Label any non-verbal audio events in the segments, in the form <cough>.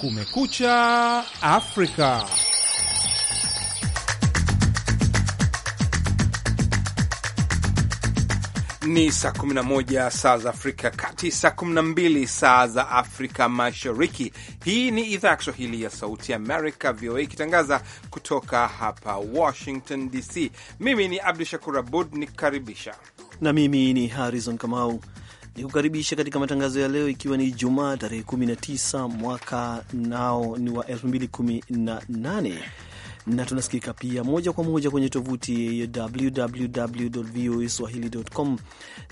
Kumekucha Afrika. Ni saa 11 saa za Afrika Kati, saa 12 saa za Afrika Mashariki. Hii ni idhaa ya Kiswahili ya Sauti Amerika, VOA, ikitangaza kutoka hapa Washington DC. Mimi ni Abdu Shakur Abud nikukaribisha na mimi ni Harrison Kamau kukaribisha katika matangazo ya leo, ikiwa ni Jumaa tarehe 19 mwaka nao ni wa 2018 na tunasikika pia moja kwa moja kwenye tovuti ya www voa swahili.com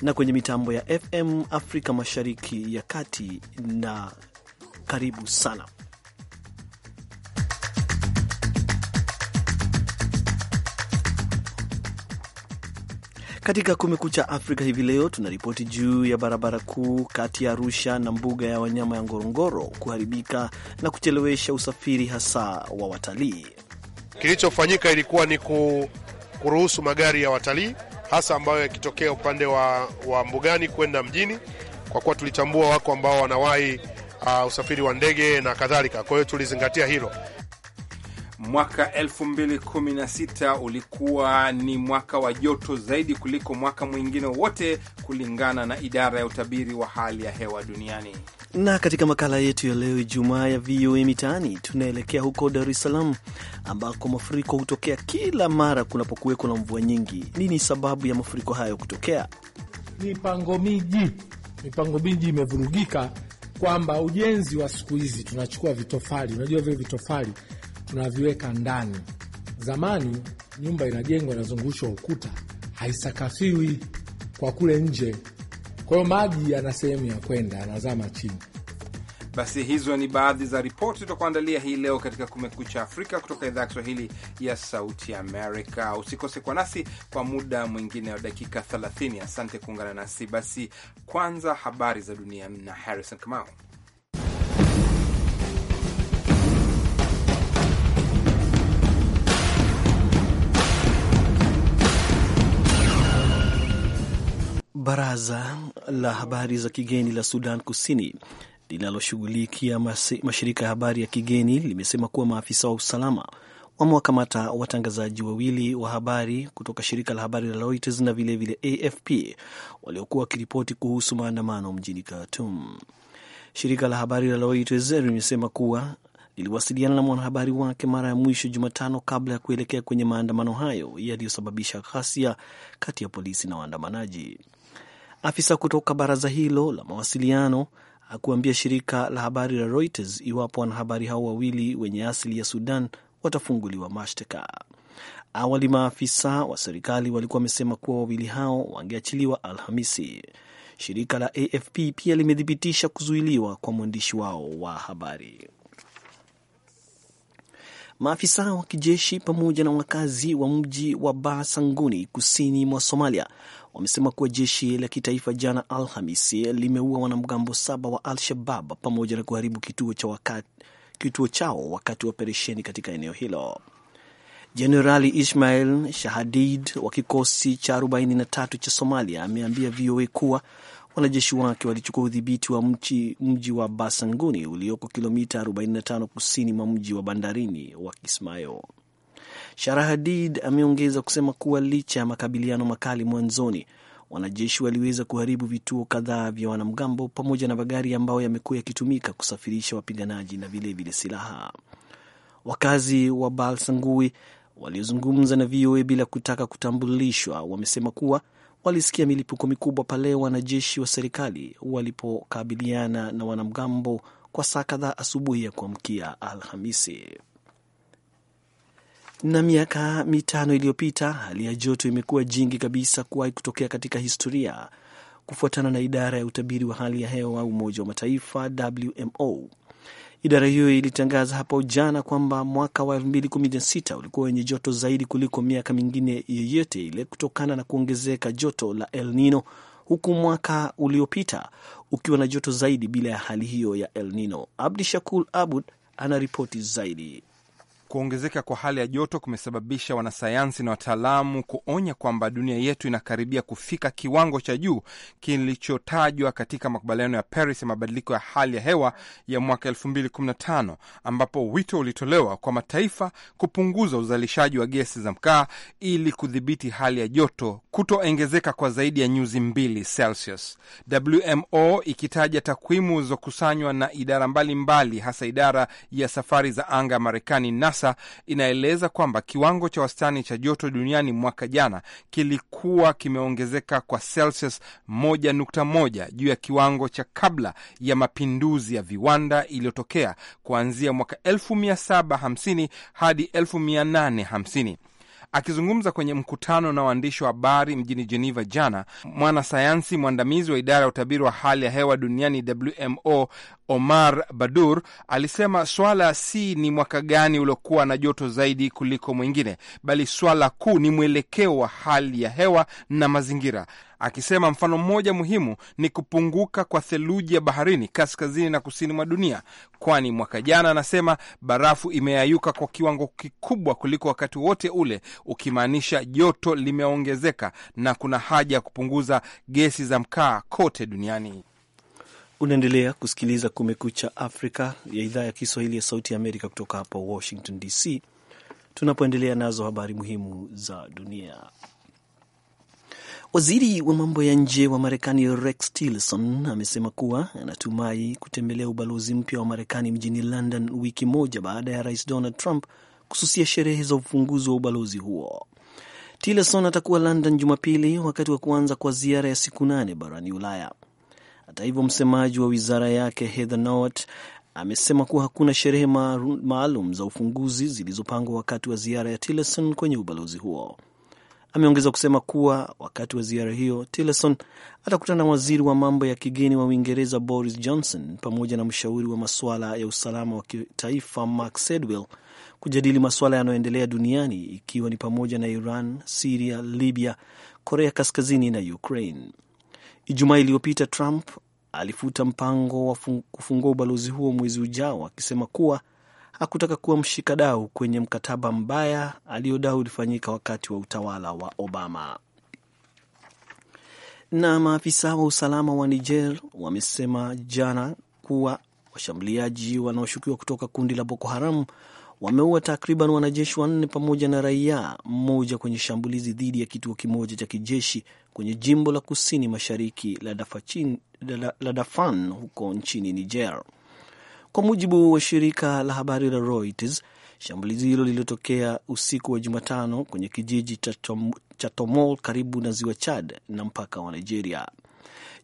na kwenye mitambo ya FM Afrika Mashariki ya Kati, na karibu sana Katika Kumekucha Afrika hivi leo tunaripoti juu ya barabara kuu kati ya Arusha na mbuga ya wanyama ya Ngorongoro kuharibika na kuchelewesha usafiri hasa wa watalii. Kilichofanyika ilikuwa ni kuruhusu magari ya watalii hasa ambayo yakitokea upande wa, wa mbugani kwenda mjini, kwa kuwa tulitambua wako ambao wanawahi uh, usafiri wa ndege na kadhalika. Kwa hiyo tulizingatia hilo Mwaka 2016 ulikuwa ni mwaka wa joto zaidi kuliko mwaka mwingine wote kulingana na idara ya utabiri wa hali ya hewa duniani. Na katika makala yetu ya leo Ijumaa ya VOA Mitaani, tunaelekea huko Dar es Salaam ambako mafuriko hutokea kila mara kunapokuweko na mvua nyingi. Nini sababu ya mafuriko hayo kutokea? Mipango miji, mipango miji imevurugika, kwamba ujenzi wa siku hizi tunachukua vitofali, unajua vile vitofali tunaviweka ndani. Zamani nyumba inajengwa inazungushwa ukuta, haisakafiwi kwa kule nje, kwa hiyo maji yana sehemu ya kwenda, yanazama chini. Basi hizo ni baadhi za ripoti tutakuandalia hii leo katika Kumekucha Afrika kutoka idhaa ya Kiswahili ya Sauti Amerika. Usikose kwa nasi kwa muda mwingine wa dakika 30. Asante kuungana nasi. Basi kwanza habari za dunia na Harrison Kamau. Baraza la habari za kigeni la Sudan Kusini linaloshughulikia mashirika ya habari ya kigeni limesema kuwa maafisa wa usalama wamewakamata watangazaji wawili wa habari kutoka shirika la habari la Reuters na vilevile vile AFP waliokuwa wakiripoti kuhusu maandamano mjini Khartoum. Shirika la habari la Reuters limesema kuwa liliwasiliana na mwanahabari wake mara ya mwisho Jumatano kabla ya kuelekea kwenye maandamano hayo yaliyosababisha ghasia kati ya polisi na waandamanaji. Afisa kutoka baraza hilo la mawasiliano hakuambia shirika la habari la Reuters iwapo wanahabari hao wawili wenye asili ya Sudan watafunguliwa mashtaka. Awali maafisa wa serikali walikuwa wamesema kuwa wawili hao wangeachiliwa Alhamisi. Shirika la AFP pia limethibitisha kuzuiliwa kwa mwandishi wao wa habari. Maafisa wa kijeshi pamoja na wakazi wa mji wa ba Sanguni kusini mwa Somalia wamesema kuwa jeshi la kitaifa jana Alhamisi limeua wanamgambo saba wa Al-Shabab pamoja na kuharibu kituo, cha wakati, kituo chao wakati wa operesheni katika eneo hilo. Jenerali Ismail Shahadid wa kikosi cha 43 cha Somalia ameambia VOA kuwa wanajeshi wake walichukua udhibiti wa mji, mji wa Basanguni ulioko kilomita 45 kusini mwa mji wa bandarini wa Kismayo. Sharahadid ameongeza kusema kuwa licha ya makabiliano makali mwanzoni, wanajeshi waliweza kuharibu vituo kadhaa vya wanamgambo pamoja na magari ambayo yamekuwa yakitumika kusafirisha wapiganaji na vilevile silaha. Wakazi wa Balsangui waliozungumza na VOA bila kutaka kutambulishwa wamesema kuwa walisikia milipuko mikubwa pale wanajeshi wa serikali walipokabiliana na wanamgambo kwa saa kadhaa asubuhi ya kuamkia Alhamisi. Na miaka mitano iliyopita hali ya joto imekuwa jingi kabisa kuwahi kutokea katika historia, kufuatana na idara ya utabiri wa hali ya hewa Umoja wa Mataifa WMO. Idara hiyo ilitangaza hapo jana kwamba mwaka wa 2016 ulikuwa wenye joto zaidi kuliko miaka mingine yeyote ile kutokana na kuongezeka joto la El Nino, huku mwaka uliopita ukiwa na joto zaidi bila ya hali hiyo ya El Nino. Abdi Abud ana ripoti zaidi. Kuongezeka kwa hali ya joto kumesababisha wanasayansi na wataalamu kuonya kwamba dunia yetu inakaribia kufika kiwango cha juu kilichotajwa katika makubaliano ya Paris ya mabadiliko ya hali ya hewa ya mwaka 2015 ambapo wito ulitolewa kwa mataifa kupunguza uzalishaji wa gesi za mkaa ili kudhibiti hali ya joto kutoengezeka kwa zaidi ya nyuzi mbili Celsius. WMO ikitaja takwimu zilizokusanywa na idara mbalimbali mbali, hasa idara ya safari za anga ya Marekani sasa inaeleza kwamba kiwango cha wastani cha joto duniani mwaka jana kilikuwa kimeongezeka kwa Celsius 1.1 juu ya kiwango cha kabla ya mapinduzi ya viwanda iliyotokea kuanzia mwaka 1750 hadi 1850. Akizungumza kwenye mkutano na waandishi wa habari mjini Geneva jana, mwanasayansi mwandamizi wa idara ya utabiri wa hali ya hewa duniani WMO Omar Badur alisema swala si ni mwaka gani uliokuwa na joto zaidi kuliko mwingine, bali swala kuu ni mwelekeo wa hali ya hewa na mazingira, akisema mfano mmoja muhimu ni kupunguka kwa theluji ya baharini kaskazini na kusini mwa dunia, kwani mwaka jana, anasema barafu imeayuka kwa kiwango kikubwa kuliko wakati wote ule, ukimaanisha joto limeongezeka na kuna haja ya kupunguza gesi za mkaa kote duniani. Unaendelea kusikiliza Kumekucha Afrika ya idhaa ya Kiswahili ya Sauti ya Amerika kutoka hapa Washington DC, tunapoendelea nazo habari muhimu za dunia. Waziri wa mambo ya nje wa Marekani Rex Tillerson amesema kuwa anatumai kutembelea ubalozi mpya wa Marekani mjini London wiki moja baada ya Rais Donald Trump kususia sherehe za ufunguzi wa ubalozi huo. Tillerson atakuwa London Jumapili wakati wa kuanza kwa ziara ya siku nane barani Ulaya. Hata hivyo, msemaji wa wizara yake Heather Nauert amesema kuwa hakuna sherehe maalum za ufunguzi zilizopangwa wakati wa ziara ya Tillerson kwenye ubalozi huo. Ameongeza kusema kuwa wakati wa ziara hiyo Tillerson atakutana na waziri wa mambo ya kigeni wa Uingereza Boris Johnson pamoja na mshauri wa masuala ya usalama wa kitaifa Mark Sedwill kujadili masuala yanayoendelea duniani ikiwa ni pamoja na Iran, Siria, Libya, Korea Kaskazini na Ukraine. Ijumaa iliyopita Trump alifuta mpango wa kufungua ubalozi huo mwezi ujao akisema kuwa hakutaka kuwa mshikadau kwenye mkataba mbaya aliyodai ulifanyika wakati wa utawala wa Obama. Na maafisa wa usalama wa Niger wamesema jana kuwa washambuliaji wanaoshukiwa kutoka kundi la Boko Haram wameua takriban wanajeshi wanne pamoja na raia mmoja kwenye shambulizi dhidi ya kituo kimoja cha kijeshi kwenye jimbo la kusini mashariki la Dafan huko nchini Niger. Kwa mujibu wa shirika la habari la Reuters, shambulizi hilo lililotokea usiku wa Jumatano kwenye kijiji cha Tomol karibu na ziwa Chad na mpaka wa Nigeria.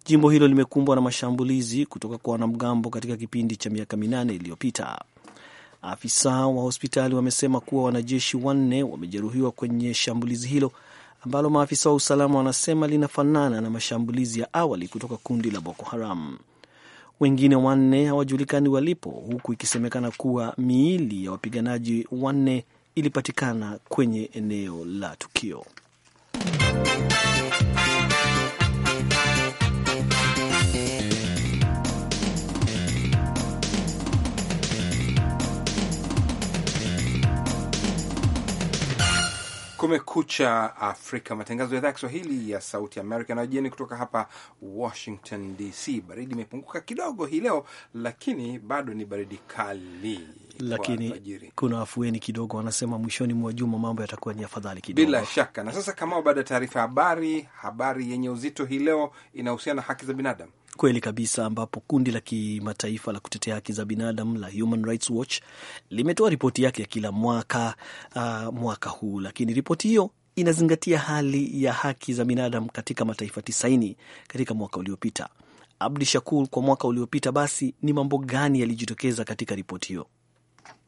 Jimbo hilo limekumbwa na mashambulizi kutoka kwa wanamgambo katika kipindi cha miaka minane iliyopita. Afisa wa hospitali wamesema kuwa wanajeshi wanne wamejeruhiwa kwenye shambulizi hilo ambalo maafisa wa usalama wanasema linafanana na mashambulizi ya awali kutoka kundi la Boko Haram wengine wanne hawajulikani walipo, huku ikisemekana kuwa miili ya wapiganaji wanne ilipatikana kwenye eneo la tukio. Kumekucha Afrika, matangazo ya idhaa ya Kiswahili ya Sauti Amerika na jeni kutoka hapa Washington DC. Baridi imepunguka kidogo hii leo, lakini bado ni baridi kali, lakini kuna afueni kidogo. Wanasema mwishoni mwa juma mambo yatakuwa ni afadhali kidogo, bila shaka. Na sasa, Kamao, baada ya taarifa ya habari, habari yenye uzito hii leo inahusiana na haki za binadamu. Kweli kabisa, ambapo kundi la kimataifa la kutetea haki za binadamu la Human Rights Watch limetoa ripoti yake ya kila mwaka uh, mwaka huu, lakini ripoti hiyo inazingatia hali ya haki za binadamu katika mataifa tisaini katika mwaka uliopita. Abdi Shakur, kwa mwaka uliopita basi ni mambo gani yalijitokeza katika ripoti hiyo?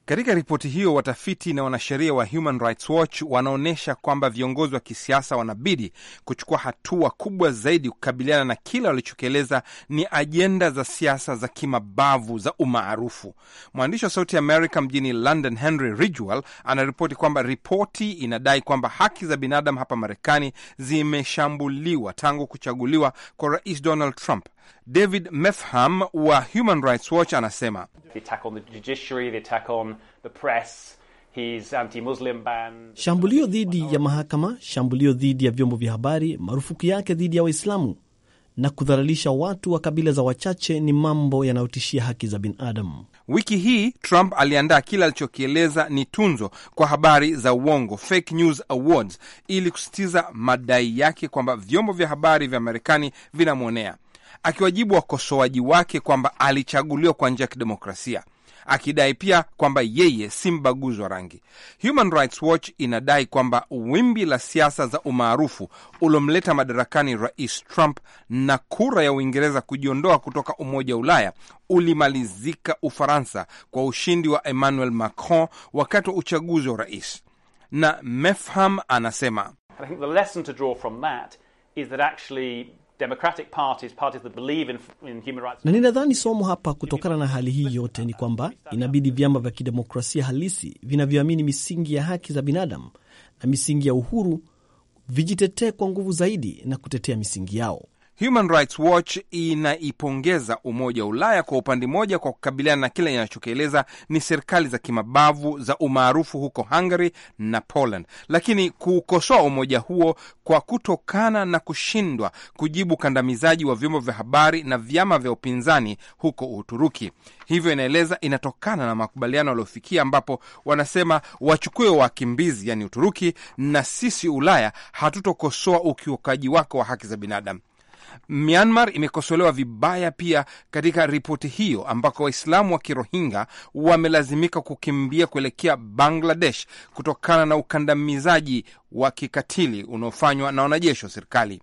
Katika ripoti hiyo, watafiti na wanasheria wa Human Rights Watch wanaonyesha kwamba viongozi wa kisiasa wanabidi kuchukua hatua kubwa zaidi kukabiliana na kile walichokieleza ni ajenda za siasa za kimabavu za umaarufu. Mwandishi wa Sauti America mjini London, Henry Ridgwell, anaripoti kwamba ripoti inadai kwamba haki za binadamu hapa Marekani zimeshambuliwa tangu kuchaguliwa kwa Rais Donald Trump David Mefham wa Human Rights Watch anasema shambulio dhidi ya mahakama, shambulio dhidi ya vyombo vya habari, marufuku yake dhidi ya Waislamu na kudhalalisha watu wa kabila za wachache ni mambo yanayotishia haki za binadamu. Wiki hii Trump aliandaa kile alichokieleza ni tunzo kwa habari za uongo, Fake News Awards, ili kusitiza madai yake kwamba vyombo vya habari vya Marekani vinamwonea akiwajibu wakosoaji wake kwamba alichaguliwa kwa njia ya kidemokrasia, akidai pia kwamba yeye si mbaguzi wa rangi. Human Rights Watch inadai kwamba wimbi la siasa za umaarufu uliomleta madarakani Rais Trump na kura ya Uingereza kujiondoa kutoka Umoja wa Ulaya ulimalizika Ufaransa kwa ushindi wa Emmanuel Macron wakati wa uchaguzi wa rais. Na Mefham anasema I think the lesson to draw from that is that actually Democratic parties, parties that believe in, in human rights. Na ninadhani somo hapa kutokana na hali hii yote ni kwamba inabidi vyama vya kidemokrasia halisi vinavyoamini misingi ya haki za binadamu na misingi ya uhuru vijitetee kwa nguvu zaidi na kutetea misingi yao. Human Rights Watch inaipongeza Umoja wa Ulaya kwa upande mmoja kwa kukabiliana na kile inachokieleza ni serikali za kimabavu za umaarufu huko Hungary na Poland, lakini kukosoa umoja huo kwa kutokana na kushindwa kujibu ukandamizaji wa vyombo vya habari na vyama vya upinzani huko Uturuki. Hivyo inaeleza inatokana na makubaliano waliofikia, ambapo wanasema wachukue wakimbizi, yani Uturuki, na sisi Ulaya hatutokosoa ukiukaji wako wa haki za binadamu. Myanmar imekosolewa vibaya pia katika ripoti hiyo, ambako Waislamu wa kirohinga wamelazimika kukimbia kuelekea Bangladesh kutokana na ukandamizaji wa kikatili unaofanywa na wanajeshi wa serikali.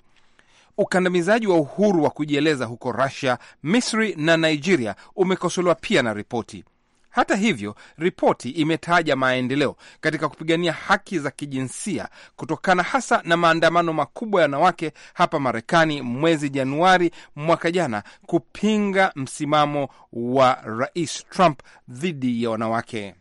Ukandamizaji wa uhuru wa kujieleza huko Russia, Misri na Nigeria umekosolewa pia na ripoti. Hata hivyo, ripoti imetaja maendeleo katika kupigania haki za kijinsia kutokana hasa na maandamano makubwa ya wanawake hapa Marekani mwezi Januari mwaka jana kupinga msimamo wa Rais Trump dhidi ya wanawake.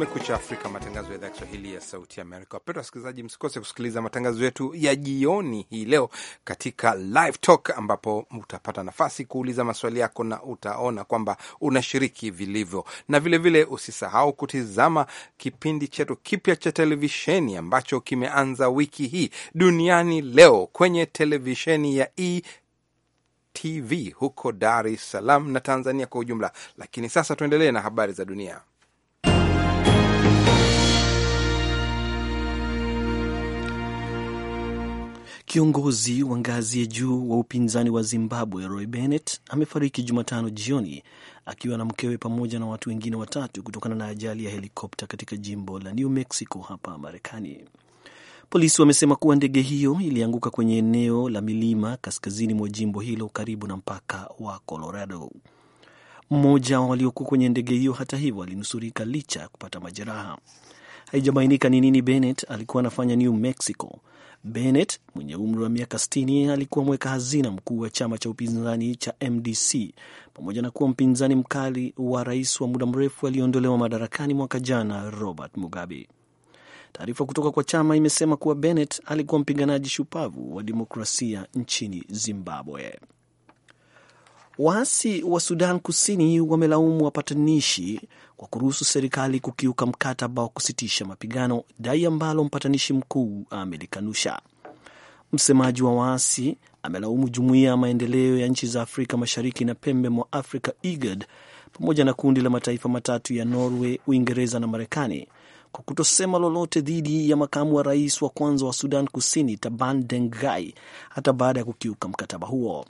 Kumekucha Afrika, matangazo ya idhaa ya Kiswahili ya Sauti Amerika. Wapendwa wasikilizaji, msikose kusikiliza matangazo yetu ya jioni hii leo katika Live Talk, ambapo utapata nafasi kuuliza maswali yako na utaona kwamba unashiriki vilivyo, na vilevile vile usisahau kutizama kipindi chetu kipya cha televisheni ambacho kimeanza wiki hii, Duniani Leo, kwenye televisheni ya E TV huko Dar es Salaam na Tanzania kwa ujumla. Lakini sasa tuendelee na habari za dunia. Kiongozi wa ngazi ya juu wa upinzani wa Zimbabwe Roy Bennett amefariki Jumatano jioni akiwa na mkewe pamoja na watu wengine watatu kutokana na ajali ya helikopta katika jimbo la New Mexico hapa Marekani. Polisi wamesema kuwa ndege hiyo ilianguka kwenye eneo la milima kaskazini mwa jimbo hilo karibu na mpaka wa Colorado. Mmoja waliokuwa kwenye ndege hiyo hata hivyo alinusurika licha ya kupata majeraha. Haijabainika ni nini Bennett alikuwa anafanya New Mexico. Bennett mwenye umri wa miaka 60 alikuwa mweka hazina mkuu wa chama cha upinzani cha MDC pamoja na kuwa mpinzani mkali wa rais wa muda mrefu aliyeondolewa madarakani mwaka jana Robert Mugabe. Taarifa kutoka kwa chama imesema kuwa Bennett alikuwa mpiganaji shupavu wa demokrasia nchini Zimbabwe. Waasi wa Sudan Kusini wamelaumu wapatanishi kwa kuruhusu serikali kukiuka mkataba wa kusitisha mapigano, dai ambalo mpatanishi mkuu amelikanusha. Msemaji wa waasi amelaumu jumuiya ya maendeleo ya nchi za Afrika Mashariki na pembe mwa Afrika, IGAD, pamoja na kundi la mataifa matatu ya Norway, Uingereza na Marekani kwa kutosema lolote dhidi ya makamu wa rais wa kwanza wa Sudan Kusini, Taban Dengai, hata baada ya kukiuka mkataba huo.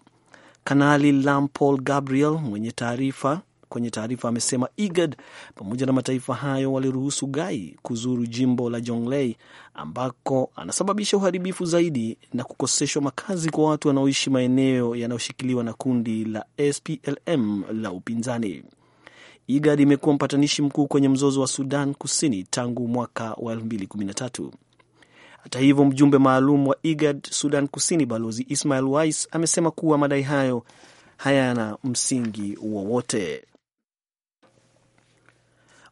Kanali Lampol Gabriel mwenye taarifa kwenye taarifa amesema IGAD pamoja na mataifa hayo waliruhusu Gai kuzuru jimbo la Jonglei ambako anasababisha uharibifu zaidi na kukoseshwa makazi kwa watu wanaoishi maeneo yanayoshikiliwa na kundi la SPLM la upinzani. IGAD imekuwa mpatanishi mkuu kwenye mzozo wa Sudan Kusini tangu mwaka wa 2013. Hata hivyo, mjumbe maalum wa IGAD Sudan Kusini Balozi Ismail Wais amesema kuwa madai hayo hayana msingi wowote.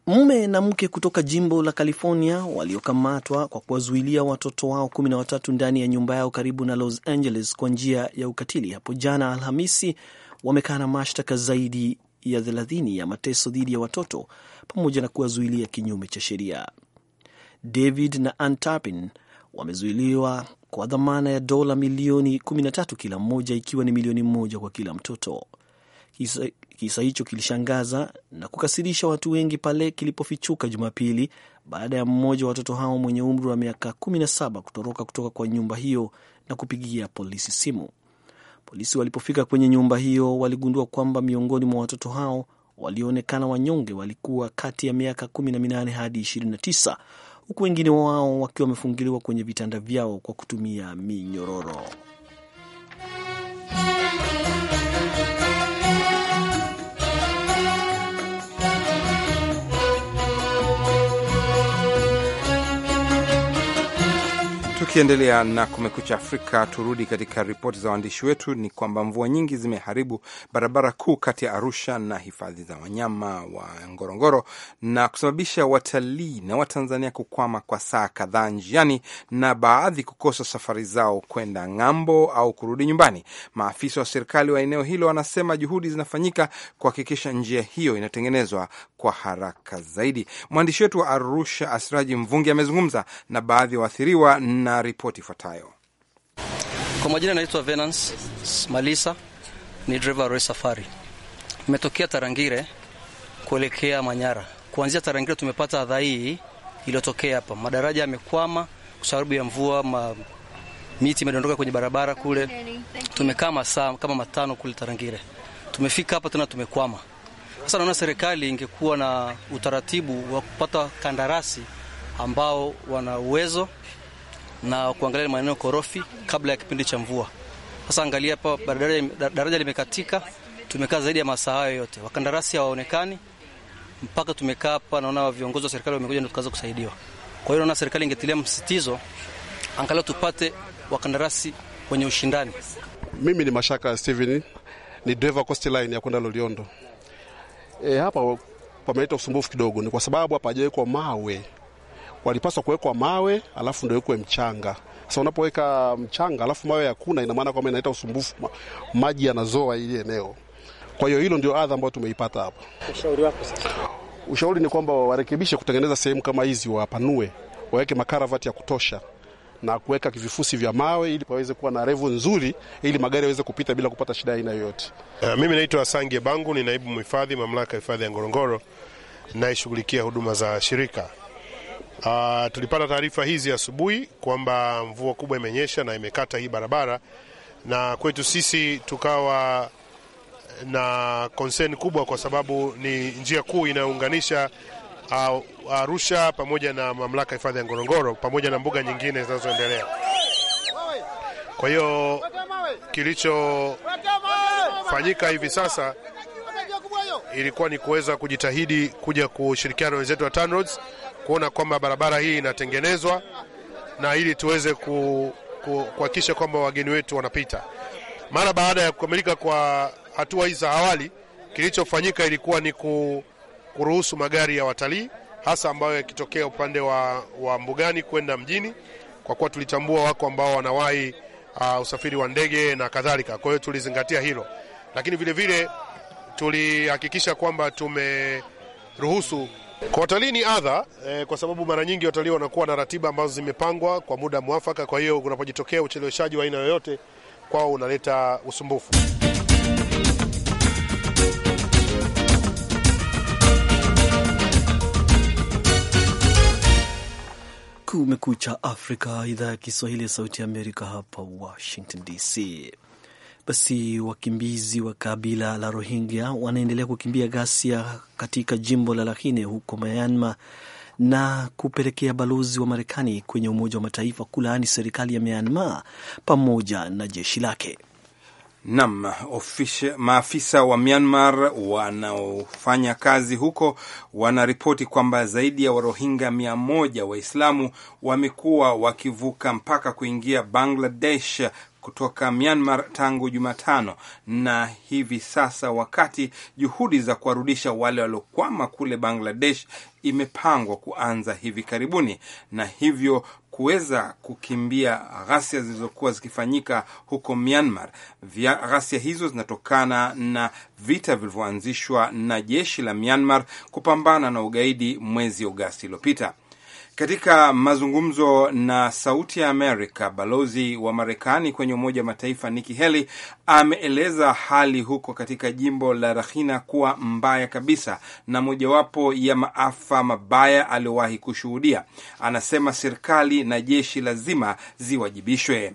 Mume na mke kutoka jimbo la California waliokamatwa kwa kuwazuilia watoto wao kumi na watatu ndani ya nyumba yao karibu na Los Angeles kwa njia ya ukatili hapo jana Alhamisi wamekana mashtaka zaidi ya thelathini ya mateso dhidi ya watoto pamoja na kuwazuilia kinyume cha sheria. David na Ann wamezuiliwa kwa dhamana ya dola milioni 13 kila mmoja, ikiwa ni milioni mmoja kwa kila mtoto. Kisa hicho kilishangaza na kukasirisha watu wengi pale kilipofichuka Jumapili baada ya mmoja wa watoto hao mwenye umri wa miaka 17 kutoroka kutoka kwa nyumba hiyo na kupigia polisi simu. Polisi walipofika kwenye nyumba hiyo waligundua kwamba miongoni mwa watoto hao walioonekana wanyonge walikuwa kati ya miaka 18 hadi 29 huku wengine wao wakiwa wamefungiliwa kwenye vitanda vyao kwa kutumia minyororo. Tukiendelea na Kumekucha Afrika, turudi katika ripoti za waandishi wetu. Ni kwamba mvua nyingi zimeharibu barabara kuu kati ya Arusha na hifadhi za wanyama wa Ngorongoro na kusababisha watalii na Watanzania kukwama kwa saa kadhaa njiani na baadhi kukosa safari zao kwenda ng'ambo au kurudi nyumbani. Maafisa wa serikali wa eneo hilo wanasema juhudi zinafanyika kuhakikisha njia hiyo inatengenezwa kwa haraka zaidi. Mwandishi wetu wa Arusha, Asiraji Mvungi, amezungumza na baadhi ya waathiriwa na ripoti ifuatayo. Kwa majina anaitwa Venance Malisa, ni driver wa Safari. Imetokea Tarangire kuelekea Manyara. Kuanzia Tarangire tumepata adha hii iliyotokea hapa, madaraja yamekwama kwa sababu ya mvua ma, miti imedondoka kwenye barabara kule. Tumekaa masaa kama matano kule Tarangire, tumefika hapa tena tumekwama. Sasa naona serikali ingekuwa na utaratibu wa kupata kandarasi ambao wana uwezo na kuangalia maeneo korofi kabla ya kipindi cha mvua. Sasa angalia hapa, daraja limekatika, tumekaa zaidi ya masaa hayo yote, wakandarasi hawaonekani mpaka tumekaa hapa. Naona viongozi wa serikali wamekuja ndio tukaanza kusaidiwa. Kwa hiyo naona serikali ingetilia msitizo angalau tupate wakandarasi wenye ushindani. Mimi ni Mashaka Steven, ni driver Coast Line ya kwenda Loliondo. E, hapa pameleta usumbufu kidogo, ni kwa sababu hapa hajawekwa mawe walipaswa kuwekwa mawe alafu ndio iwekwe mchanga. Sasa unapoweka mchanga alafu mawe hakuna, ina maana kwamba inaleta usumbufu, maji yanazoa ili eneo. Kwa hiyo hilo ndio adha ambayo tumeipata hapa. Ushauri wako sasa? Ushauri ni kwamba warekebishe kutengeneza sehemu kama hizi, wapanue, waweke makaravati ya kutosha na kuweka vifusi vya mawe ili paweze kuwa na revu nzuri ili magari yaweze kupita bila kupata shida aina yoyote. Uh, mimi naitwa Sangie Bangu, ni naibu mhifadhi mamlaka ya hifadhi ya Ngorongoro, naishughulikia huduma za shirika. Uh, tulipata taarifa hizi asubuhi kwamba mvua kubwa imenyesha na imekata hii barabara, na kwetu sisi tukawa na concern kubwa, kwa sababu ni njia kuu inayounganisha uh, Arusha pamoja na mamlaka ya hifadhi ya Ngorongoro pamoja na mbuga nyingine zinazoendelea. Kwa hiyo kilichofanyika hivi sasa ilikuwa ni kuweza kujitahidi kuja kushirikiana na wenzetu wa TANROADS kuona kwamba barabara hii inatengenezwa na ili tuweze kuhakikisha ku, kwamba wageni wetu wanapita. Mara baada ya kukamilika kwa hatua hii za awali, kilichofanyika ilikuwa ni kuruhusu magari ya watalii hasa ambayo yakitokea upande wa, wa mbugani kwenda mjini, kwa kuwa tulitambua wako ambao wanawahi uh, usafiri wa ndege na kadhalika. Kwa hiyo tulizingatia hilo, lakini vilevile tulihakikisha kwamba tumeruhusu kwa watalii ni adha eh, kwa sababu mara nyingi watalii wanakuwa na ratiba ambazo zimepangwa kwa muda mwafaka. Kwa hiyo kunapojitokea ucheleweshaji wa aina yoyote, kwao unaleta usumbufu. Kumekucha Afrika, idhaa ya Kiswahili ya Sauti ya Amerika, hapa Washington DC. Basi wakimbizi wa kabila la Rohingya wanaendelea kukimbia ghasia katika jimbo la Rakhine huko Myanmar na kupelekea balozi wa Marekani kwenye Umoja wa Mataifa kulaani serikali ya Myanmar pamoja na jeshi lake. Nam, maafisa wa Myanmar wanaofanya kazi huko wanaripoti kwamba zaidi ya Warohingya mia moja Waislamu wamekuwa wakivuka mpaka kuingia Bangladesh kutoka Myanmar tangu Jumatano, na hivi sasa wakati juhudi za kuwarudisha wale waliokwama kule Bangladesh imepangwa kuanza hivi karibuni, na hivyo kuweza kukimbia ghasia zilizokuwa zikifanyika huko Myanmar. Ghasia hizo zinatokana na vita vilivyoanzishwa na jeshi la Myanmar kupambana na ugaidi mwezi Agosti iliyopita. Katika mazungumzo na Sauti ya Amerika, balozi wa Marekani kwenye Umoja wa Mataifa Nikki Haley ameeleza hali huko katika jimbo la rahina kuwa mbaya kabisa na mojawapo ya maafa mabaya aliyowahi kushuhudia. Anasema serikali na jeshi lazima ziwajibishwe.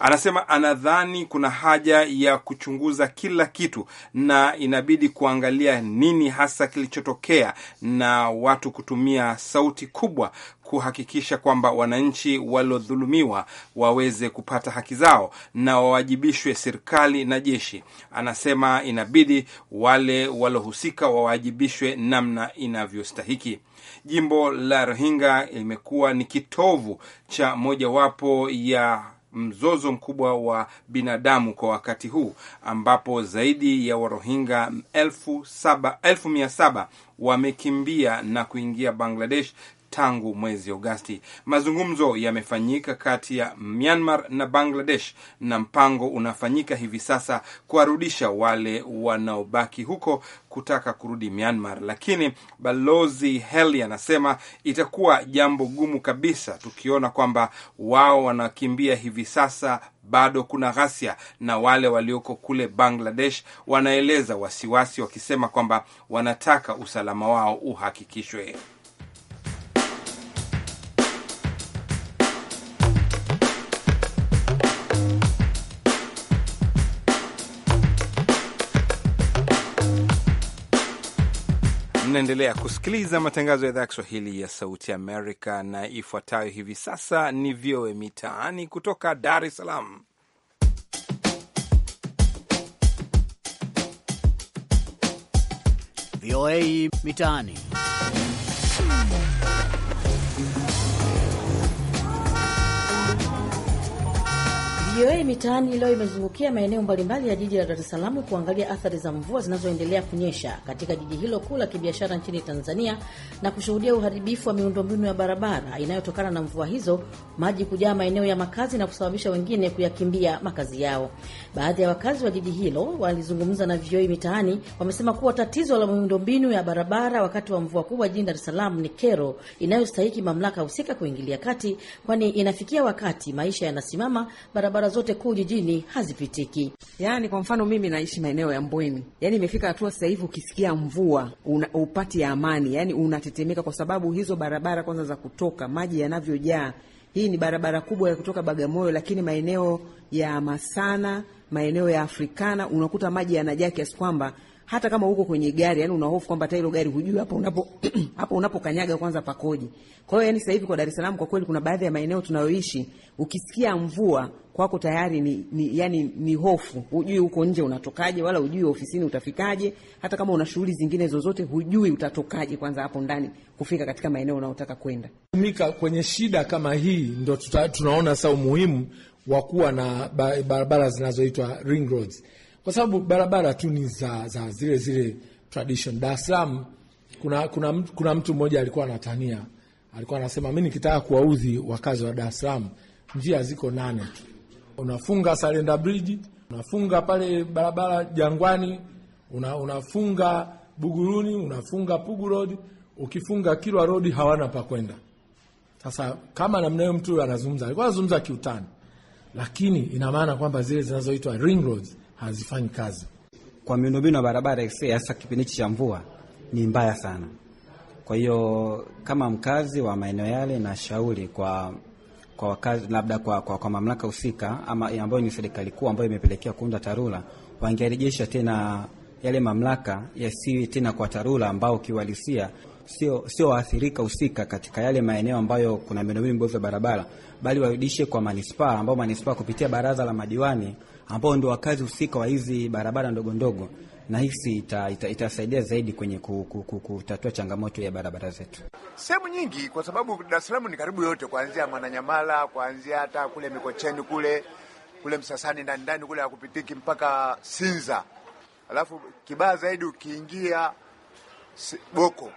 Anasema anadhani kuna haja ya kuchunguza kila kitu na inabidi kuangalia nini hasa kilichotokea na watu kutumia sauti kubwa kuhakikisha kwamba wananchi waliodhulumiwa waweze kupata haki zao na wawajibishwe serikali na jeshi. Anasema inabidi wale walohusika wawajibishwe namna inavyostahiki. Jimbo la Rohingya imekuwa ni kitovu cha mojawapo ya mzozo mkubwa wa binadamu kwa wakati huu ambapo zaidi ya Warohingya elfu mia saba wamekimbia na kuingia Bangladesh tangu mwezi Agosti. Mazungumzo yamefanyika kati ya Myanmar na Bangladesh na mpango unafanyika hivi sasa kuwarudisha wale wanaobaki huko kutaka kurudi Myanmar, lakini balozi Heli anasema itakuwa jambo gumu kabisa, tukiona kwamba wao wanakimbia hivi sasa bado kuna ghasia na wale walioko kule Bangladesh wanaeleza wasiwasi wakisema kwamba wanataka usalama wao uhakikishwe. Unaendelea kusikiliza matangazo ya idhaa ya Kiswahili ya Sauti Amerika, na ifuatayo hivi sasa ni VOA Mitaani kutoka Dar es Salaam. VOA Mitaani. VOA Mitaani leo imezungukia maeneo mbalimbali ya jiji la Dar es Salaam kuangalia athari za mvua zinazoendelea kunyesha katika jiji hilo kuu la kibiashara nchini Tanzania na kushuhudia uharibifu wa miundombinu ya barabara inayotokana na mvua hizo, maji kujaa maeneo ya makazi na kusababisha wengine kuyakimbia makazi yao. Baadhi ya wakazi wa jiji hilo walizungumza na VOA Mitaani, wamesema kuwa tatizo la miundombinu ya barabara wakati wa mvua kubwa jijini Dar es Salaam ni kero inayostahiki mamlaka husika kuingilia kati, kwani inafikia wakati maisha yanasimama, barabara barabara zote kuu jijini hazipitiki. Yaani kwa mfano mimi naishi maeneo ya Mbweni, yaani imefika hatua sasa hivi ukisikia mvua una, upati ya amani, yaani unatetemeka kwa sababu hizo barabara kwanza za kutoka maji yanavyojaa. Hii ni barabara kubwa ya kutoka Bagamoyo, lakini maeneo ya Masana, maeneo ya Afrikana unakuta maji yanajaa kiasi kwamba hata kama uko kwenye gari, yani unahofu kwamba hata hilo gari hujui hapo unapo <clears throat> hapo unapokanyaga kwanza pakoje. Kwa hiyo yani sasa hivi kwa Dar es Salaam kwa kweli kuna baadhi ya maeneo tunayoishi ukisikia mvua kwako tayari ni, ni, yani, ni hofu, hujui huko nje unatokaje, wala hujui ofisini utafikaje. Hata kama una shughuli zingine zozote, hujui utatokaje kwanza hapo ndani kufika katika maeneo unayotaka kwenda. Mika, kwenye shida kama hii ndo tuta, tunaona sasa umuhimu wa kuwa na barabara zinazoitwa ring roads kwa sababu barabara tu ni za, za zile zile tradition. Dar es Salaam kuna, kuna, kuna mtu mmoja alikuwa anatania, alikuwa anasema mi nikitaka kuwaudhi wakazi wa Dar es Salaam njia ziko nane tu, unafunga Salenda Bridge, unafunga pale barabara Jangwani, una, unafunga Buguruni, unafunga Pugu Road, ukifunga Kilwa Road hawana pa kwenda. Sasa kama namna hiyo mtu anazungumza, alikuwa anazungumza kiutani, lakini ina maana kwamba zile zinazoitwa ring roads hazifanyi kazi. Kwa miundombinu ya barabara hasa kipindi cha mvua ni mbaya sana. Kwa hiyo kama mkazi wa maeneo yale, na shauri kwa kwa wakazi labda kwa, kwa, kwa mamlaka husika ama ambayo ni serikali kuu ambayo imepelekea kuunda TARURA wangerejesha tena yale mamlaka yasiwe tena kwa TARURA ambao kiuhalisia sio sio waathirika husika katika yale maeneo ambayo kuna miundombinu mbovu ya barabara, bali warudishe kwa manispaa ambao manispaa kupitia baraza la madiwani ambao ndio wakazi husika wa hizi barabara ndogo ndogo, na hisi itasaidia ita, ita zaidi kwenye kutatua changamoto ya barabara zetu sehemu nyingi, kwa sababu Dar es Salaam ni karibu yote, kuanzia Mwananyamala, kuanzia hata kule Mikocheni kule kule Msasani ndani ndani kule hakupitiki mpaka Sinza, alafu kibaya zaidi ukiingia Boko.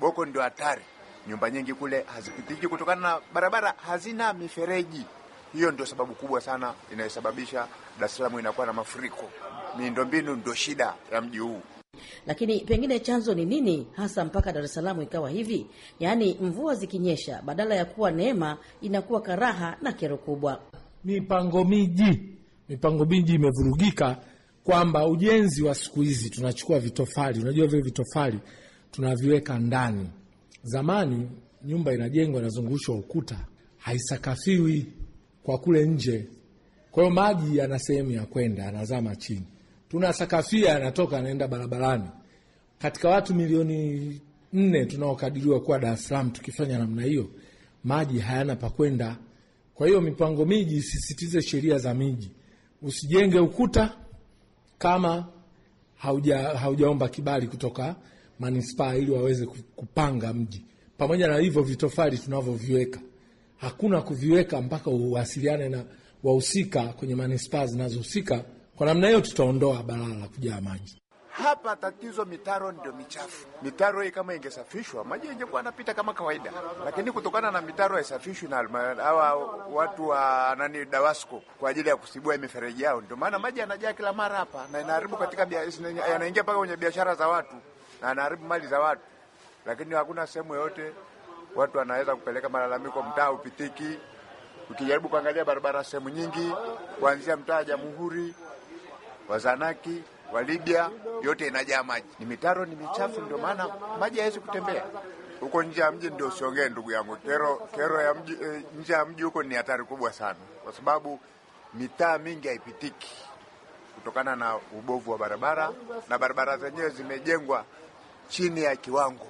Boko ndio hatari, nyumba nyingi kule hazipitiki kutokana na barabara hazina mifereji. Hiyo ndio sababu kubwa sana inayosababisha Dar es Salaam inakuwa na mafuriko. Miundombinu ndio shida ya mji huu. Lakini pengine chanzo ni nini hasa mpaka Dar es Salaam ikawa hivi? Yaani mvua zikinyesha, badala ya kuwa neema inakuwa karaha na kero kubwa. Mipango miji, mipango miji imevurugika, kwamba ujenzi wa siku hizi tunachukua vitofali, unajua vile vitofali tunaviweka ndani. Zamani nyumba inajengwa inazungushwa ukuta, haisakafiwi kwa kule nje kwa hiyo maji yana sehemu ya kwenda, anazama chini, Tuna sakafia yanatoka anaenda barabarani. Katika watu milioni nne tunaokadiriwa kuwa Dar es Salaam, tukifanya namna hiyo, maji hayana pa kwenda. Kwa hiyo mipango miji isisitize sheria za miji, usijenge ukuta kama hauja, haujaomba kibali kutoka manispaa ili waweze kupanga mji. Pamoja na hivyo vitofali tunavyoviweka, hakuna kuviweka mpaka uwasiliane na wahusika kwenye manispaa zinazohusika. Kwa namna hiyo tutaondoa balaa la kujaa maji. Hapa tatizo mitaro ndio michafu. Mitaro hii kama ingesafishwa, maji ingekuwa anapita kama kawaida, lakini kutokana na mitaro haisafishwi na hawa watu wa nani, Dawasco kwa ajili ya kusibua mifereji yao, ndio maana maji yanajaa kila mara hapa na inaharibu katika, yanaingia mpaka kwenye biashara za watu na anaharibu mali za watu, lakini hakuna sehemu yoyote watu wanaweza kupeleka malalamiko, mtaa upitiki. Ukijaribu kuangalia barabara sehemu nyingi, kuanzia mtaa wa Jamhuri, Zanaki wa Libya, yote inajaa maji, ni mitaro ni michafu, ndio maana maji hayawezi kutembea huko nje ya mji. Ndio usiongee ndugu yangu, kero kero ya mji, e, nje ya mji huko ni hatari kubwa sana, kwa sababu mitaa mingi haipitiki kutokana na ubovu wa barabara, na barabara zenyewe zimejengwa chini ya kiwango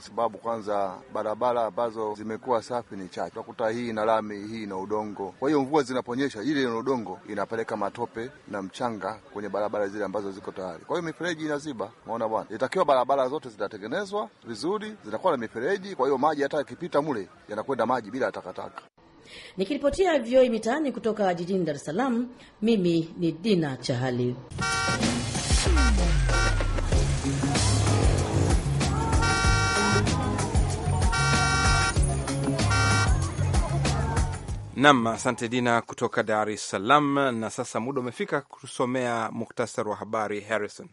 kwa sababu kwanza barabara ambazo zimekuwa safi ni chache, utakuta hii na lami, hii na udongo. Kwa hiyo mvua zinaponyesha, ile na udongo inapeleka matope na mchanga kwenye barabara zile ambazo ziko tayari, kwa hiyo mifereji inaziba. maona bwana, itakiwa barabara zote zitatengenezwa vizuri, zinakuwa na mifereji, kwa hiyo maji hata yakipita mule yanakwenda maji bila takataka. Nikiripotia vioi mitaani kutoka jijini Dar es Salaam, mimi ni Dina Chahali. Nam, asante Dina kutoka Dar es Salaam. Na sasa muda umefika kusomea muktasar wa habari. Harrison.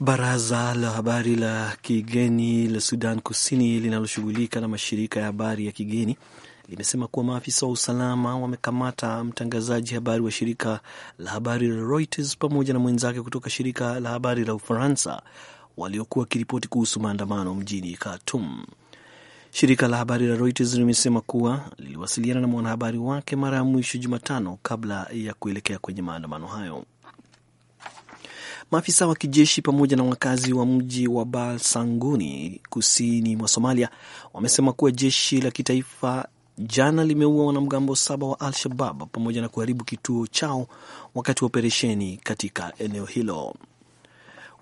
Baraza la habari la kigeni la Sudan Kusini linaloshughulika na mashirika ya habari ya kigeni limesema kuwa maafisa wa usalama wamekamata mtangazaji habari wa shirika la habari la Reuters pamoja na mwenzake kutoka shirika la habari la Ufaransa waliokuwa wakiripoti kuhusu maandamano mjini Khartoum. Shirika la habari la Reuters limesema kuwa liliwasiliana na mwanahabari wake mara ya mwisho Jumatano kabla ya kuelekea kwenye maandamano hayo. Maafisa wa kijeshi pamoja na wakazi wa mji wa Balsanguni kusini mwa Somalia wamesema kuwa jeshi la kitaifa jana limeua wanamgambo saba wa Al-Shabab pamoja na kuharibu kituo chao wakati wa operesheni katika eneo hilo.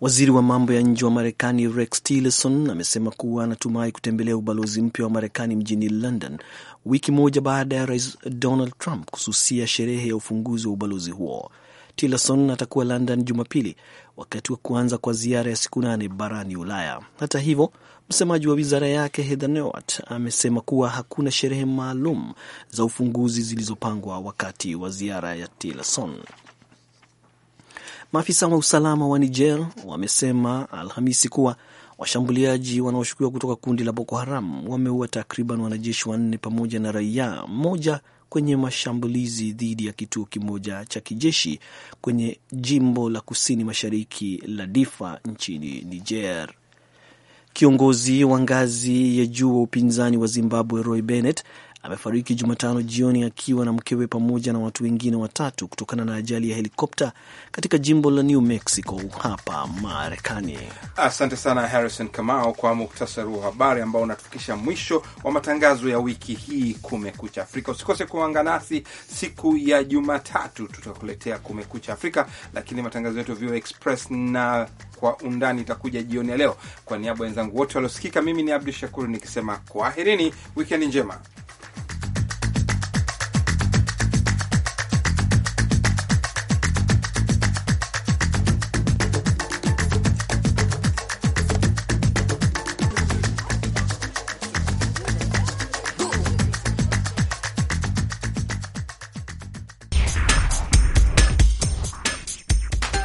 Waziri wa mambo ya nje wa Marekani Rex Tillerson amesema kuwa anatumai kutembelea ubalozi mpya wa Marekani mjini London wiki moja baada ya Rais Donald Trump kususia sherehe ya ufunguzi wa ubalozi huo. Tillerson atakuwa London Jumapili wakati wa kuanza kwa ziara ya siku nane barani Ulaya. Hata hivyo, msemaji wa wizara yake Heather Nauert amesema kuwa hakuna sherehe maalum za ufunguzi zilizopangwa wakati wa ziara ya Tillerson. Maafisa wa usalama wa Niger wamesema Alhamisi kuwa washambuliaji wanaoshukiwa kutoka kundi la Boko Haram wameua takriban wanajeshi wanne pamoja na raia mmoja kwenye mashambulizi dhidi ya kituo kimoja cha kijeshi kwenye jimbo la kusini mashariki la Difa nchini Niger. Kiongozi wa ngazi ya juu wa upinzani wa Zimbabwe Roy Bennett amefariki Jumatano jioni akiwa na mkewe pamoja na watu wengine watatu kutokana na ajali ya helikopta katika jimbo la New Mexico hapa Marekani. Asante sana Harrison Kamau kwa muktasari wa habari ambao unatufikisha mwisho wa matangazo ya wiki hii Kumekucha Afrika. Usikose kuanga nasi siku ya Jumatatu, tutakuletea Kumekucha Afrika, lakini matangazo yetu VOA Express na kwa undani itakuja jioni ya leo. Kwa niaba ya wenzangu wote waliosikika, mimi ni Abdu Shakur nikisema kwaherini, wikendi njema.